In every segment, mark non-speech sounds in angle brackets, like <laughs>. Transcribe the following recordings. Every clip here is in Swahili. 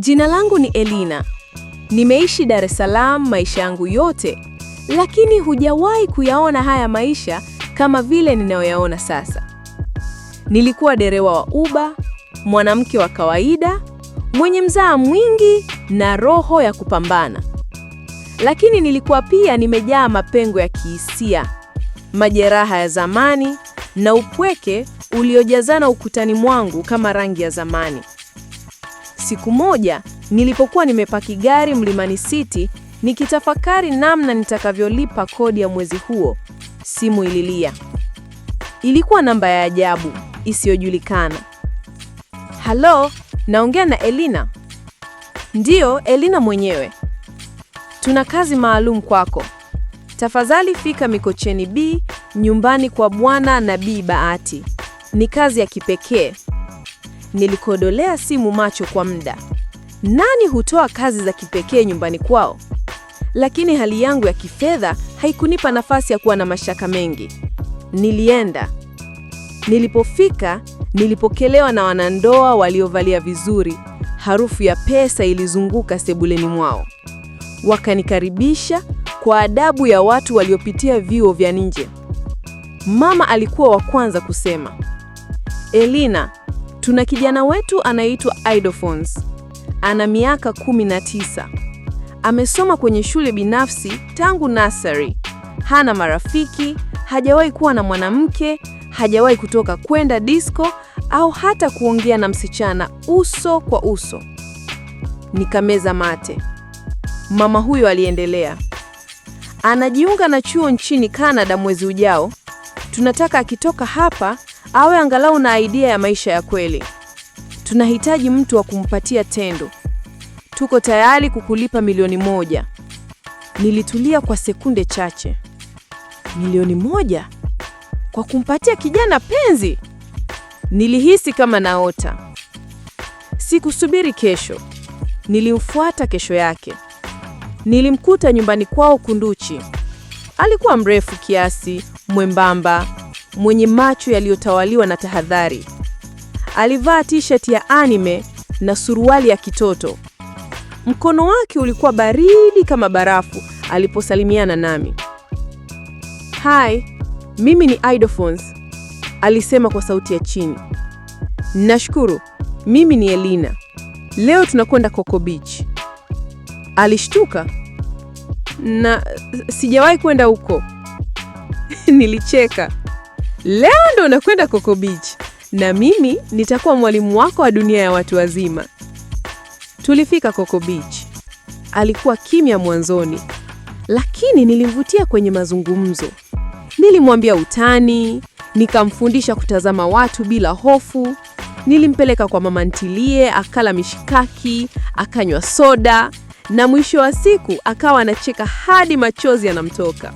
Jina langu ni Elina. Nimeishi Dar es Salaam maisha yangu yote, lakini hujawahi kuyaona haya maisha kama vile ninayoyaona sasa. Nilikuwa dereva wa Uber, mwanamke wa kawaida, mwenye mzaa mwingi na roho ya kupambana. Lakini nilikuwa pia nimejaa mapengo ya kihisia, majeraha ya zamani na upweke uliojazana ukutani mwangu kama rangi ya zamani. Siku moja nilipokuwa nimepaki gari Mlimani City nikitafakari namna nitakavyolipa kodi ya mwezi huo, simu ililia. Ilikuwa namba ya ajabu isiyojulikana. Halo, naongea na Elina? Ndiyo, Elina mwenyewe. Tuna kazi maalum kwako, tafadhali fika Mikocheni B, nyumbani kwa Bwana na Bi Bahati. Ni kazi ya kipekee Nilikodolea simu macho kwa muda. Nani hutoa kazi za kipekee nyumbani kwao? Lakini hali yangu ya kifedha haikunipa nafasi ya kuwa na mashaka mengi. Nilienda. Nilipofika, nilipokelewa na wanandoa waliovalia vizuri. Harufu ya pesa ilizunguka sebuleni mwao. Wakanikaribisha kwa adabu ya watu waliopitia vyuo vya nje. Mama alikuwa wa kwanza kusema, Elina, Tuna kijana wetu anaitwa Idophones, ana miaka 19, amesoma kwenye shule binafsi tangu nasari, hana marafiki, hajawahi kuwa na mwanamke, hajawahi kutoka kwenda disco au hata kuongea na msichana uso kwa uso. Nikameza mate. Mama huyo aliendelea, anajiunga na chuo nchini canada mwezi ujao. Tunataka akitoka hapa awe angalau na idea ya maisha ya kweli. Tunahitaji mtu wa kumpatia tendo. Tuko tayari kukulipa milioni moja. Nilitulia kwa sekunde chache. Milioni moja kwa kumpatia kijana penzi? Nilihisi kama naota. Sikusubiri kesho, nilimfuata kesho yake. Nilimkuta nyumbani kwao Kunduchi. Alikuwa mrefu kiasi, mwembamba mwenye macho yaliyotawaliwa na tahadhari. Alivaa t-shirt ya anime na suruali ya kitoto. Mkono wake ulikuwa baridi kama barafu aliposalimiana nami. Hi, mimi ni Idophones, alisema kwa sauti ya chini. Nashukuru, mimi ni Elina. Leo tunakwenda Coco Beach. Alishtuka. Na sijawahi kwenda huko. <laughs> Nilicheka. Leo ndo unakwenda Coco Beach na mimi nitakuwa mwalimu wako wa dunia ya watu wazima. Tulifika Coco Beach. Alikuwa kimya mwanzoni, lakini nilimvutia kwenye mazungumzo. Nilimwambia utani, nikamfundisha kutazama watu bila hofu. Nilimpeleka kwa mama ntilie, akala mishikaki, akanywa soda na mwisho wa siku akawa anacheka hadi machozi yanamtoka.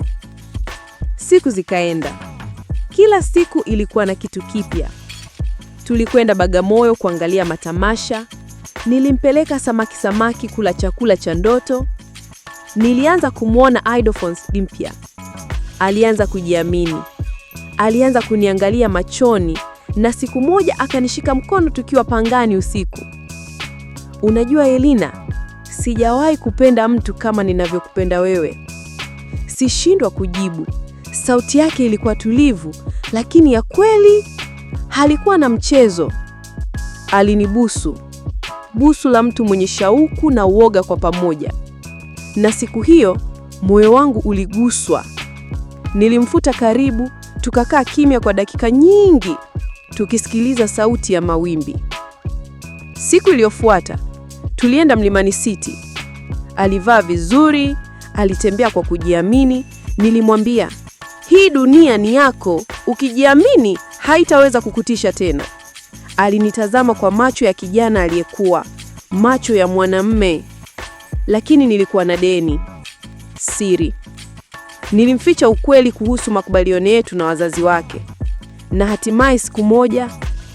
Siku zikaenda. Kila siku ilikuwa na kitu kipya. Tulikwenda Bagamoyo kuangalia matamasha, nilimpeleka Samaki Samaki kula chakula cha ndoto. Nilianza kumwona Idolfons mpya, alianza kujiamini, alianza kuniangalia machoni, na siku moja akanishika mkono tukiwa Pangani usiku. Unajua Elina, sijawahi kupenda mtu kama ninavyokupenda wewe, sishindwa kujibu. Sauti yake ilikuwa tulivu lakini ya kweli. Halikuwa na mchezo. Alinibusu, busu la mtu mwenye shauku na uoga kwa pamoja, na siku hiyo moyo wangu uliguswa. Nilimfuta karibu, tukakaa kimya kwa dakika nyingi tukisikiliza sauti ya mawimbi. Siku iliyofuata tulienda Mlimani City. Alivaa vizuri, alitembea kwa kujiamini. Nilimwambia hii dunia ni yako, ukijiamini haitaweza kukutisha tena. Alinitazama kwa macho ya kijana aliyekuwa, macho ya mwanamme, lakini nilikuwa na deni, siri. Nilimficha ukweli kuhusu makubaliano yetu na wazazi wake, na hatimaye siku moja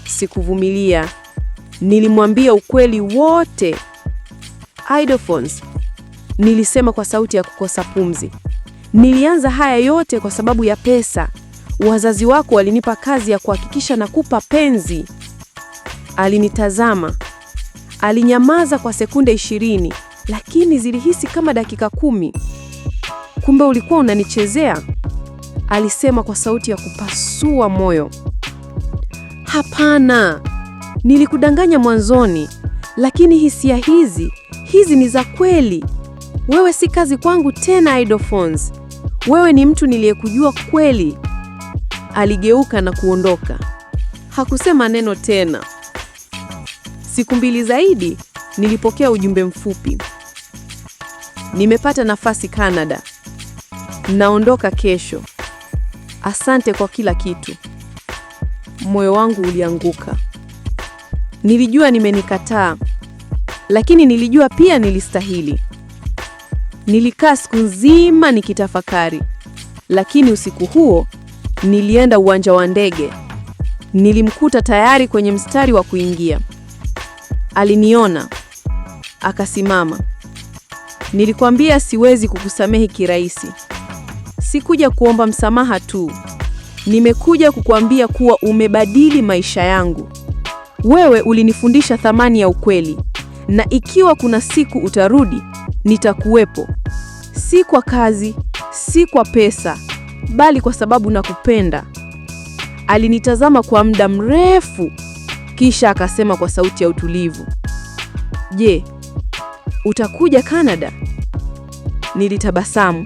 sikuvumilia, nilimwambia ukweli wote. Ildefonsi, nilisema kwa sauti ya kukosa pumzi. Nilianza haya yote kwa sababu ya pesa. Wazazi wako walinipa kazi ya kuhakikisha nakupa penzi. Alinitazama, alinyamaza kwa sekunde ishirini, lakini zilihisi kama dakika kumi. Kumbe ulikuwa unanichezea, alisema kwa sauti ya kupasua moyo. Hapana, nilikudanganya mwanzoni, lakini hisia hizi hizi ni za kweli. Wewe si kazi kwangu tena, Idol Phones wewe ni mtu niliyekujua kweli. Aligeuka na kuondoka, hakusema neno tena. Siku mbili zaidi nilipokea ujumbe mfupi, nimepata nafasi Canada, naondoka kesho, asante kwa kila kitu. Moyo wangu ulianguka. Nilijua nimenikataa, lakini nilijua pia nilistahili. Nilikaa siku nzima nikitafakari, lakini usiku huo nilienda uwanja wa ndege. Nilimkuta tayari kwenye mstari wa kuingia. Aliniona akasimama. Nilikwambia siwezi kukusamehe kirahisi. Sikuja kuomba msamaha tu, nimekuja kukuambia kuwa umebadili maisha yangu. Wewe ulinifundisha thamani ya ukweli, na ikiwa kuna siku utarudi nitakuwepo, si kwa kazi, si kwa pesa, bali kwa sababu nakupenda. Alinitazama kwa muda mrefu, kisha akasema kwa sauti ya utulivu, je, utakuja Canada? Nilitabasamu.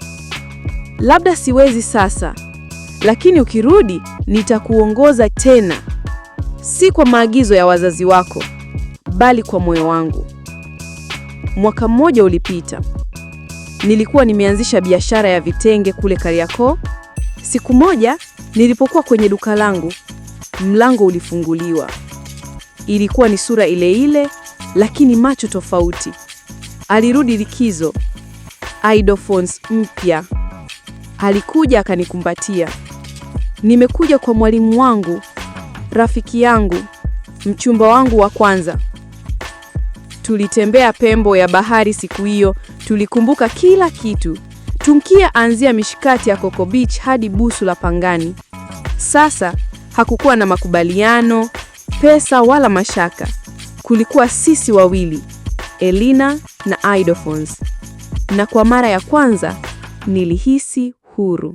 Labda siwezi sasa, lakini ukirudi nitakuongoza tena, si kwa maagizo ya wazazi wako, bali kwa moyo wangu. Mwaka mmoja ulipita, nilikuwa nimeanzisha biashara ya vitenge kule Kariakoo. Siku moja nilipokuwa kwenye duka langu, mlango ulifunguliwa. Ilikuwa ni sura ile ile, lakini macho tofauti. Alirudi likizo, idophones mpya. Alikuja akanikumbatia. Nimekuja kwa mwalimu wangu, rafiki yangu, mchumba wangu wa kwanza. Tulitembea pembo ya bahari siku hiyo, tulikumbuka kila kitu. Tunkia anzia mishikati ya Coco Beach hadi busu la Pangani. Sasa hakukuwa na makubaliano, pesa wala mashaka. Kulikuwa sisi wawili, Elina na Idofons. Na kwa mara ya kwanza nilihisi huru.